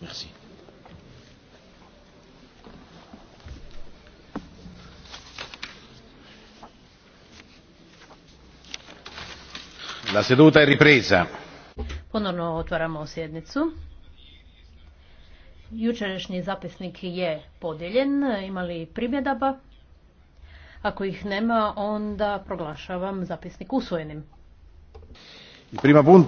Merci. La seduta è ripresa. Ponovno otvaramo sjednicu. Jučerašnji zapisnik je podijeljen. Ima li primjedaba? Ako ih nema, onda proglašavam zapisnik usvojenim. Prima